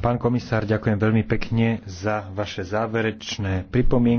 Pán komisár, ďakujem veľmi pekne za vaše záverečné pripomienky.